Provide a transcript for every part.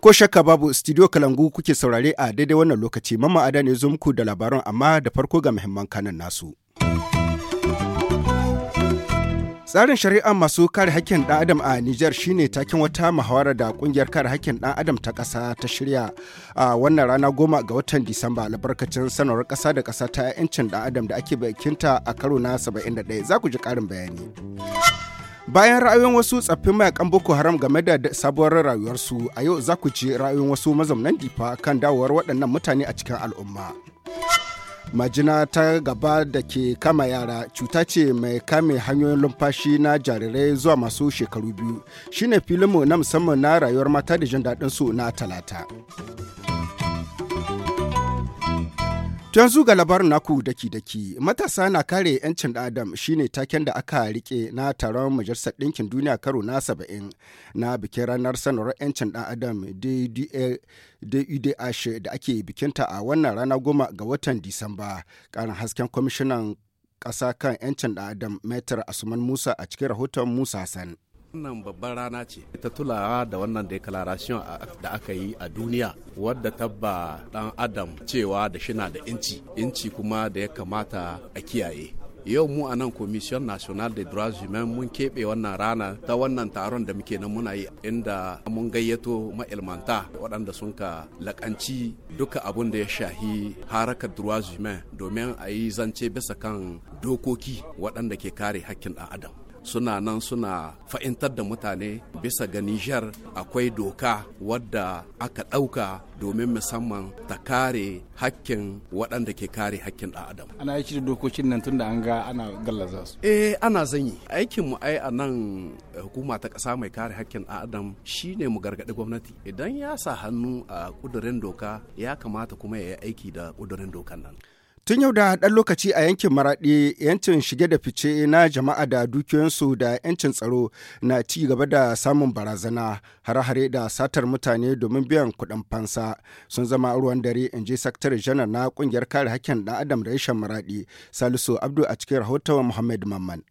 Ko shakka babu studio Kalangu kuke saurare a daidai wannan lokaci mamma ada ne zo muku da labaran amma da farko ga muhimman kanan nasu. Tsarin shari'a masu kare hakkin ɗan adam a Nijar shine takin wata muhawara da ƙungiyar kare hakkin ɗan adam ta ƙasa ta shirya a wannan rana goma ga watan Disamba albarkacin sanarwar ƙasa da ƙasa ta 'yancin ɗan adam da ake bikinta a karo na 71 za ku ji ƙarin bayani. Bayan ra'ayoyin wasu tsaffin mayakan Boko Haram game da sabuwar rayuwarsu a yau za ku ji ra'ayoyin wasu mazaunan difa kan dawowar waɗannan mutane a cikin al'umma. majina ta gaba da ke kama yara cuta ce mai kame hanyoyin lumfashi na jarirai zuwa masu shekaru biyu shine filinmu na musamman na rayuwar mata da jin daɗin su na talata. Yanzu zuga labarin naku daki-daki matasa na kare 'yancin ɗan adam shine taken da aka rike na taron majalisar ɗinkin duniya karo na 70 na bikin ranar sanarwar 'yancin ɗan adam DUDH e da ake bikinta a wannan rana goma ga watan Disamba. Ƙarin hasken kwamishinan ƙasa kan 'yancin ɗan adam Metar Asuman Musa a cikin rahoton Musa Hassan. wannan babban rana ce ta tulawa da wannan declaration da aka yi a duniya wadda tabba dan adam cewa da shina da inci inci kuma da ya kamata a kiyaye yau mu a nan commission national de droits humains mun keɓe wannan rana ta wannan taron da muke nan muna yi inda mun gayyato ma'ilmanta waɗanda sun ka lakanci duka abun da ya shahi harakar droits humains domin a yi zance bisa kan dokoki waɗanda ke kare haƙƙin ɗan adam suna nan suna fa'intar da mutane bisa ga Nijar akwai doka wadda aka ɗauka domin musamman ta kare hakkin waɗanda ke kare hakkin ɗan adam. Ana yi da dokokin nan tunda an ga ana gallaza su. Eh ana zanyi. Aikinmu ai a nan eh, hukuma ta ƙasa mai kare hakkin ɗan adam shine mu gargaɗi gwamnati. Idan ya sa hannu a ƙudurin doka ya kamata kuma ya yi aiki da ƙudurin dokan nan. Tun yau da ɗan lokaci a yankin Maraɗi, yancin shige da fice na jama'a da dukiyoyinsu da yancin tsaro na ci gaba da samun barazana, hare-hare da satar mutane domin biyan kuɗin fansa sun zama ruwan dare in je Sakatare janar na ƙungiyar kare hakkin ɗan Adam da reshen Maraɗi, Salisu Abdu a cikin rahoton Muhammad Mamman.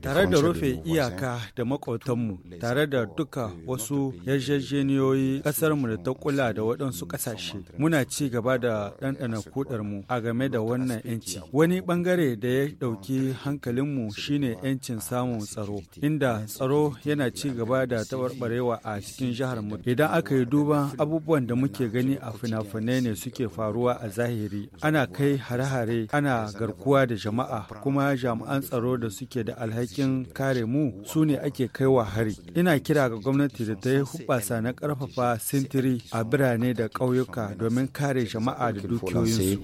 tare da rufe iyaka da makwautanmu tare da duka wasu yarjejeniyoyi ƙasarmu da ta kula da waɗansu ƙasashe muna ci gaba da ɗanɗana kudarmu a game da wannan 'yanci wani ɓangare da ya ɗauki hankalinmu shine 'yancin samun tsaro inda tsaro yana ci gaba da taɓarɓarewa a cikin jihar mu idan aka yi duba abubuwan da muke gani a fina-finai ne suke faruwa a zahiri ana kai hare-hare ana garkuwa da jama'a kuma jami'an tsaro tsaro da suke da alhakin kare mu su ne ake kai wa hari. Ina kira ga gwamnati da ta yi hubasa na karfafa sintiri a birane da ƙauyuka domin kare jama'a da dukiyoyinsu.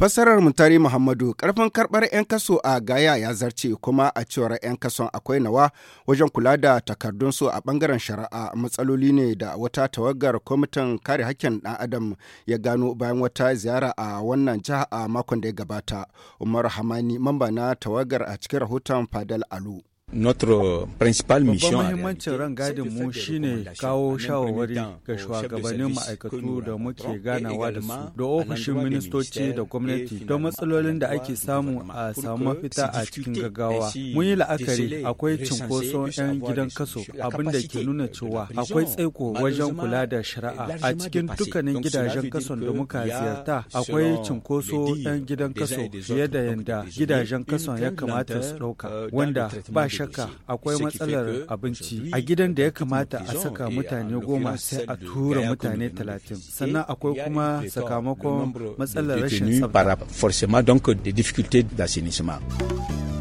Fassarar Mutari Muhammadu karfin karbar 'yan kaso a Gaya ya zarce kuma a cewar 'yan kason akwai nawa wajen kula da takardunsu a bangaren shari'a matsaloli ne da wata tawagar kwamitin kare hakkin ɗan adam ya gano bayan wata ziyara a wannan jiha a makon da ya gabata. Umar Hamani mamba na tawagar a cikin rahoton Fadal Alu. Babban mahimmancin gadin mu shine kawo shawarwari ga shugabannin ma'aikatu da muke ganawa da su da ofishin ministoci da gwamnati don matsalolin da ake samu a samu mafita a cikin gaggawa. Mun yi la'akari akwai cinkoso 'yan gidan kaso abin da ke nuna cewa akwai tsaiko wajen kula da shari'a a cikin dukkanin gidajen kaso da muka ziyarta akwai cinkoso 'yan gidan kaso fiye da yadda gidajen kaso ya kamata su ɗauka euh, wanda ba shi shakka akwai matsalar abinci a gidan da ya kamata a saka eh, mutane goma sai a tura mutane talatin sannan akwai kuma sakamakon matsalar rashin tsabta.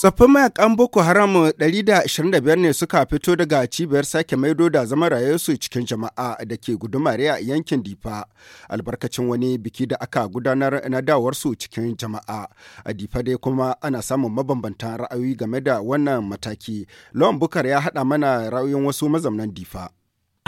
Tsoffin mayakan Boko Haram 125 ne suka fito daga cibiyar sake maido da zama rayuwarsu cikin jama'a da ke gudumare a yankin Difa, albarkacin wani biki da aka gudanar na dawarsu cikin jama'a. A Difa dai kuma ana samun mabambantan ra'ayoyi game da wannan mataki. Lawan Bukar ya haɗa mana ra'ayoyin wasu mazaunan Difa.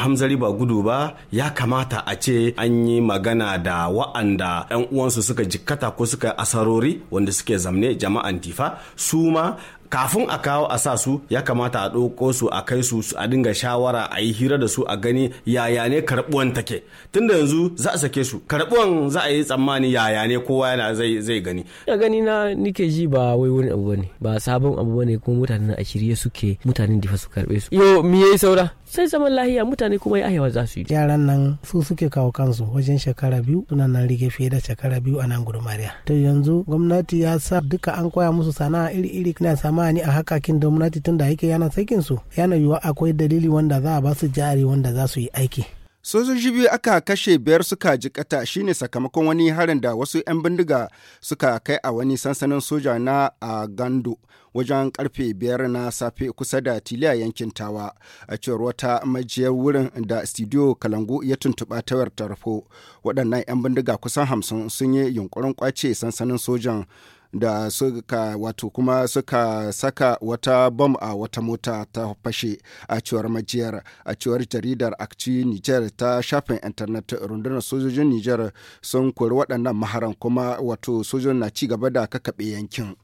hamzari ba gudu ba ya kamata a ce an yi magana da wa'anda 'yan uwansu suka jikkata ko suka asarori wanda suke zamne jama'an tifa su ma kafin a kawo a sa su ya kamata a ɗauko su a kai su a dinga shawara a yi hira da su a gani yaya ne karɓuwan take tunda yanzu za a sake su karɓuwan za a yi tsammani yaya ne kowa yana zai gani ya gani na nike ji ba wai wani abu bane ba sabon abu bane kuma mutanen a shirye suke mutanen difa su karɓe su yo me yayi saura sai zaman lahiya mutane kuma ya ayawa za su yi yaran nan su suke kawo kansu wajen shekara biyu suna nan rige fiye da shekara biyu a nan gudumariya to yanzu gwamnati ya sa duka an koya musu sana'a iri iri na samani a hakakin gwamnati tun da yake yana sakin su yana yiwuwa akwai dalili wanda za a ba su jari wanda za su yi aiki sojoji biyu aka kashe biyar suka jikata shine sakamakon wani harin da wasu 'yan bindiga suka kai a wani sansanin soja na a gando wajen karfe biyar na safe kusa da tiliya yankin tawa a cewar wata majiyar wurin da studio kalangu ya tuntuɓa tawar tarfo waɗannan 'yan bindiga kusan hamsin sun yi yunkurin kwace sansanin sojan da suka wato kuma suka saka wata bom a wata mota ta fashe a cewar majiyar a cewar jaridar akci niger ta shafin intanet rundunar sojojin niger sun kori waɗannan maharan kuma wato sojojin na ci gaba da kakaɓe yankin.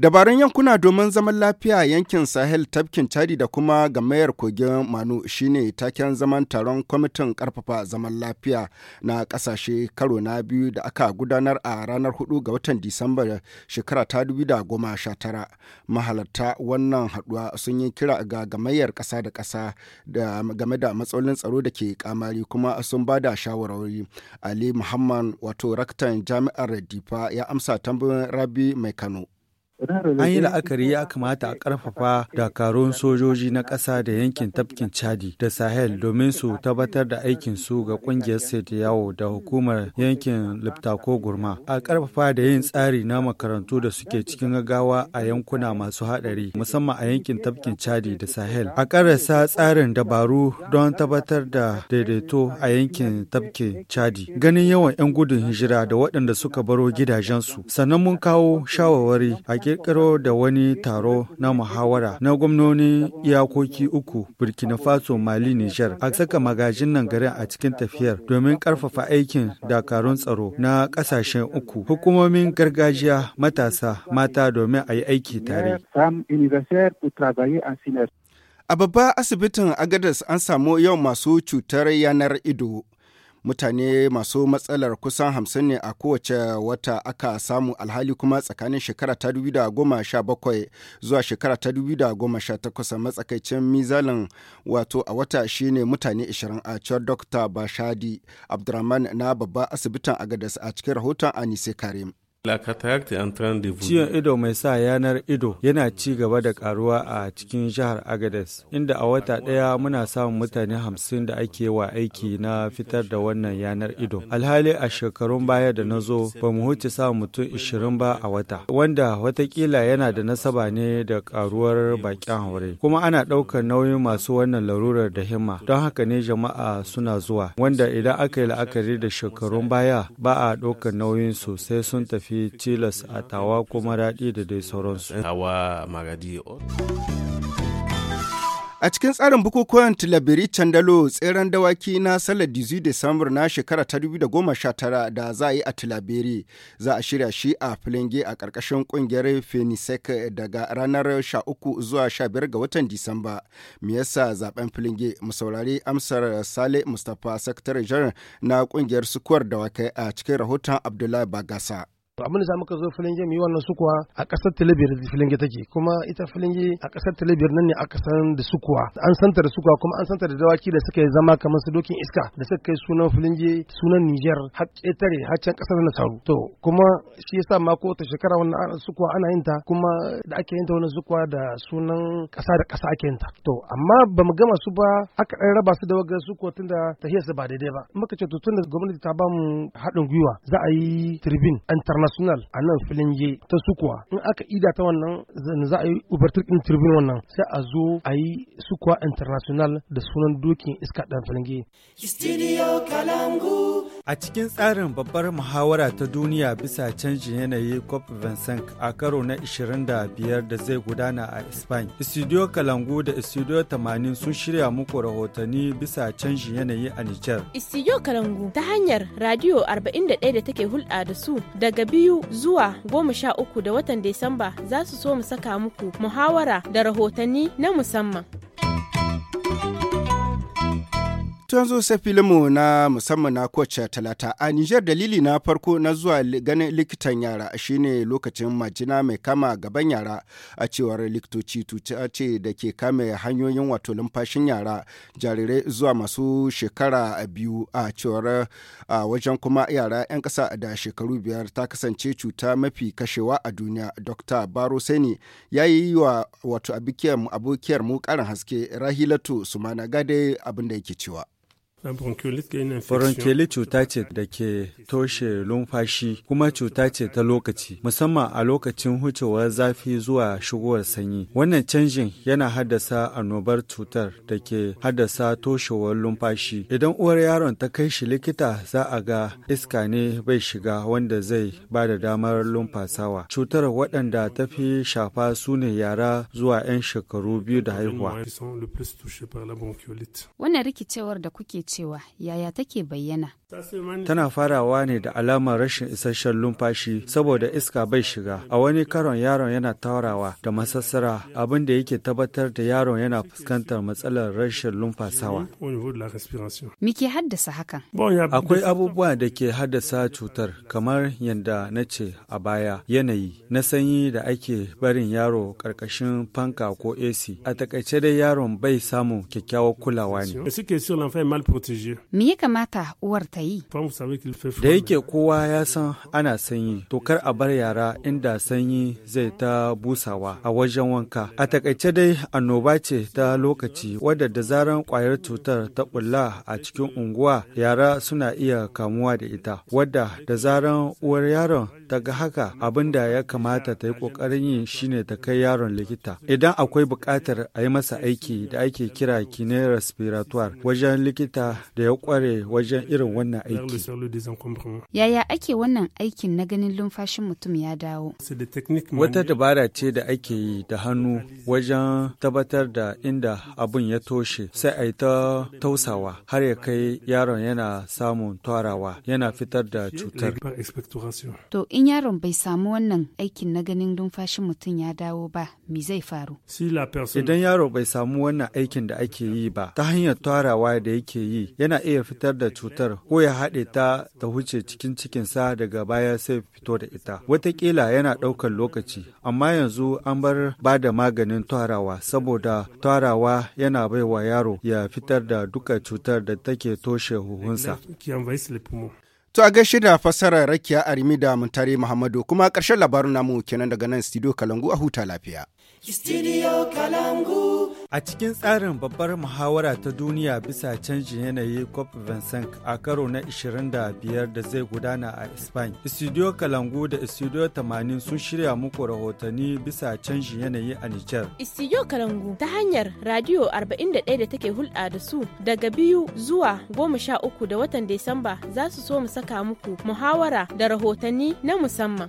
Dabarun yankuna domin zaman lafiya yankin Sahel tafkin Chadi da kuma gamayar kogin Manu shine taken zaman taron kwamitin karfafa zaman lafiya na kasashe karo na biyu da aka gudanar a ranar 4 ga watan Disamba shekara ta tara. Mahalarta wannan haduwa sun yi kira ga gamayar kasa da kasa da game da matsalolin tsaro da ke kamari kuma sun ba da shawarwari. Ali Muhammad wato raktan jami'ar Difa ya amsa tambayoyin Rabi Mai Kano. An yi la'akari ya kamata a ƙarfafa dakarun sojoji na ƙasa da yankin tafkin Chadi da Sahel domin su tabbatar da aikin su ga ƙungiyar yawo da hukumar yankin Liptako Gurma. A ƙarfafa da yin tsari na makarantu da suke cikin gaggawa a yankuna masu haɗari musamman a yankin tafkin Chadi da Sahel. A ƙarasa tsarin dabaru don tabbatar da daidaito a yankin tafkin Chadi. Ganin yawan 'yan gudun hijira da waɗanda suka baro gidajensu. Sannan mun kawo shawarwari a kirkiro da wani taro na muhawara na gwamnonin iyakoki uku burkina faso mali nijar a saka magajin nan garin a cikin tafiyar domin karfafa aikin dakarun tsaro na kasashen uku hukumomin gargajiya matasa mata domin a yi aiki tare a babba asibitin agadas an samu yau masu cutar yanar ido mutane masu matsalar kusan hamsin ne a kowace wata aka samu alhali kuma tsakanin shekara ta bakwai zuwa shekara ta takwas matsakaicin mizalin wato a wata shine mutane 20 a cewar dr bashadi abdurrahman na babban asibitin agadas a cikin rahoton anise karim Ciyon ido mai sa yanar ido yana ci gaba da karuwa a cikin jihar Agades, inda a wata ɗaya muna samun mutane hamsin da ake wa aiki na fitar da wannan yanar ido. Alhali a shekarun baya da na zo ba mu huce samun mutum ishirin ba a wata, wanda watakila yana da nasaba ne da karuwar bakin haure. Kuma ana ɗaukar nauyin masu wannan larurar da himma, don haka ne jama'a suna zuwa, wanda idan aka yi la'akari da shekarun baya ba a ɗaukar nauyin sosai sun tafi shafi tilas a tawa ko da dai sauransu. A cikin tsarin bukukuwan Tilabiri Candalo tseren dawaki na sallar 18 Desambar na shekara ta 2019 da za a yi a Tilabiri za a shirya shi a Filinge a ƙarƙashin ƙungiyar Fenisek daga ranar 13 zuwa 15 ga watan Disamba. Me yasa zaben Filinge mu saurari amsar Sale Mustapha Sakatare Janar na ƙungiyar sukuwar dawakai a cikin rahoton Abdullahi Bagasa. to abin da za muka zo filinge mu yi wannan sukuwa a ƙasar talabiyar da filinge take kuma ita filinge a ƙasar talabiyar nan ne aka san da sukuwa an santa da sukuwa kuma an santa da dawaki da suka yi zama kamar su dokin iska da suka kai sunan filinge sunan Niger har ƙetare har can ƙasar Nasaru to kuma shi yasa ma ko ta shekara wannan sukuwa ana yin ta kuma da ake yin ta wannan sukuwa da sunan ƙasa da ƙasa ake yin ta to amma ba mu gama su ba aka ɗan raba su da wagar sukuwa tunda tahiyarsa ba daidai ba muka ce to tunda gwamnati ta ba mu haɗin gwiwa za a yi tribune international national a nan filin je ta sukuwa in aka ida ta wannan za a yi ubartar din tribune wannan sai a zo a yi sukuwa international da sunan dokin iska dan filin je A cikin tsarin babbar muhawara ta duniya bisa canjin yanayi COP25 a karo na 25 da zai gudana a Spain. Studio Kalangu da Studio 80 sun shirya muku rahotanni bisa canjin yanayi a Nijar. Studio Kalangu ta hanyar radio 41 da take hulɗa da su daga biyu zuwa goma sha uku da watan Desamba za su so mu saka muku muhawara da rahotanni na musamman. Tun zo sai na musamman na kowace talata a Nijar dalili na farko na zuwa ganin likitan yara shine lokacin majina mai kama gaban yara a cewar likitoci tuta ce da ke kame hanyoyin wato numfashin yara jarirai zuwa masu shekara biyu a cewar a wajen kuma yara 'yan kasa da shekaru biyar ta kasance cuta mafi kashewa a duniya Dr. Baro Seni ya yi wa wato abokiyar mu karin haske Rahilatu Sumana Gade abin da yake cewa. Bronchioli cuta ce da ke toshe lumfashi kuma cuta ce ta lokaci, musamman a lokacin hucewar zafi zuwa shigowar sanyi. Wannan canjin yana haddasa annobar cutar da ke haddasa toshewar lumfashi. Idan uwar yaron ta kai shi likita za a ga iska ne bai shiga wanda zai ba da damar lumfasawa. Cutar waɗanda ta fi shafa su ne yara zuwa 'yan shekaru biyu da haihuwa. Wannan rikicewar da kuke cewa yaya take bayyana. Tana farawa ne da alamar rashin isasshen lumfashi saboda iska bai shiga. A wani karon yaron yana taurawa da masassara abin da yake tabbatar da yaron yana fuskantar matsalar rashin lumfasawa. miki ke haddasa hakan? Akwai abubuwa da ke haddasa cutar kamar yadda na ce a baya yanayi na sanyi da ake barin yaro karkashin fanka ko AC. A takaice dai yaron bai samu kyakkyawar kulawa ne. Me ya kamata uwar ta yi? Da yake kowa ya san ana sanyi, to kar a bar yara inda sanyi zai ta busawa a wajen wanka. A takaice dai annoba ce ta lokaci wadda da zaran kwayar cutar ta bulla a cikin unguwa yara suna iya kamuwa da ita, wadda da zaran uwar yaron ta ga haka abin da ya kamata ta yi kokarin yin shine ta kai yaron likita. Idan akwai bukatar a yi masa aiki da ake kira kine respiratoire wajen likita da ya kware wajen irin wannan aiki. Yaya ake wannan aikin na ganin lumfashin mutum ya dawo? Wata dabara ce da ake yi da hannu wajen tabbatar da inda abun ya toshe sai a yi ta tausawa har ya kai yaron yana samun twarawa yana fitar da cutar. To in yaron bai samu wannan aikin na ganin lumfashin mutum ya dawo ba, me zai faru? Idan yaro bai samu wannan aikin da ake yi ba ta hanyar twarawa da yake yi yana iya fitar da cutar ko ya haɗe ta ta huce cikin cikinsa daga baya sai fito da ita. Wataƙila yana ɗaukar lokaci, amma yanzu an bar ba da maganin tarawa saboda tarawa yana baiwa yaro ya fitar da duka cutar da take toshe huhunsa. To a gaishe da fasarar rakiya rimi da muntare Muhammadu kuma karshen labarin namu kenan daga nan studio Kalangu a huta lafiya. Studio Kalangu. A cikin tsarin babbar muhawara ta duniya bisa canjin yanayi COP25 a karo na 25 da zai gudana a Spain. Studio Kalangu da Studio 80 sun shirya muku rahotanni bisa canjin yanayi a Nijar. Studio Kalangu ta hanyar radio 41 da take hulɗa da su daga biyu zuwa goma sha uku da watan Disamba, za su so mu saka muku muhawara da rahotanni na musamman.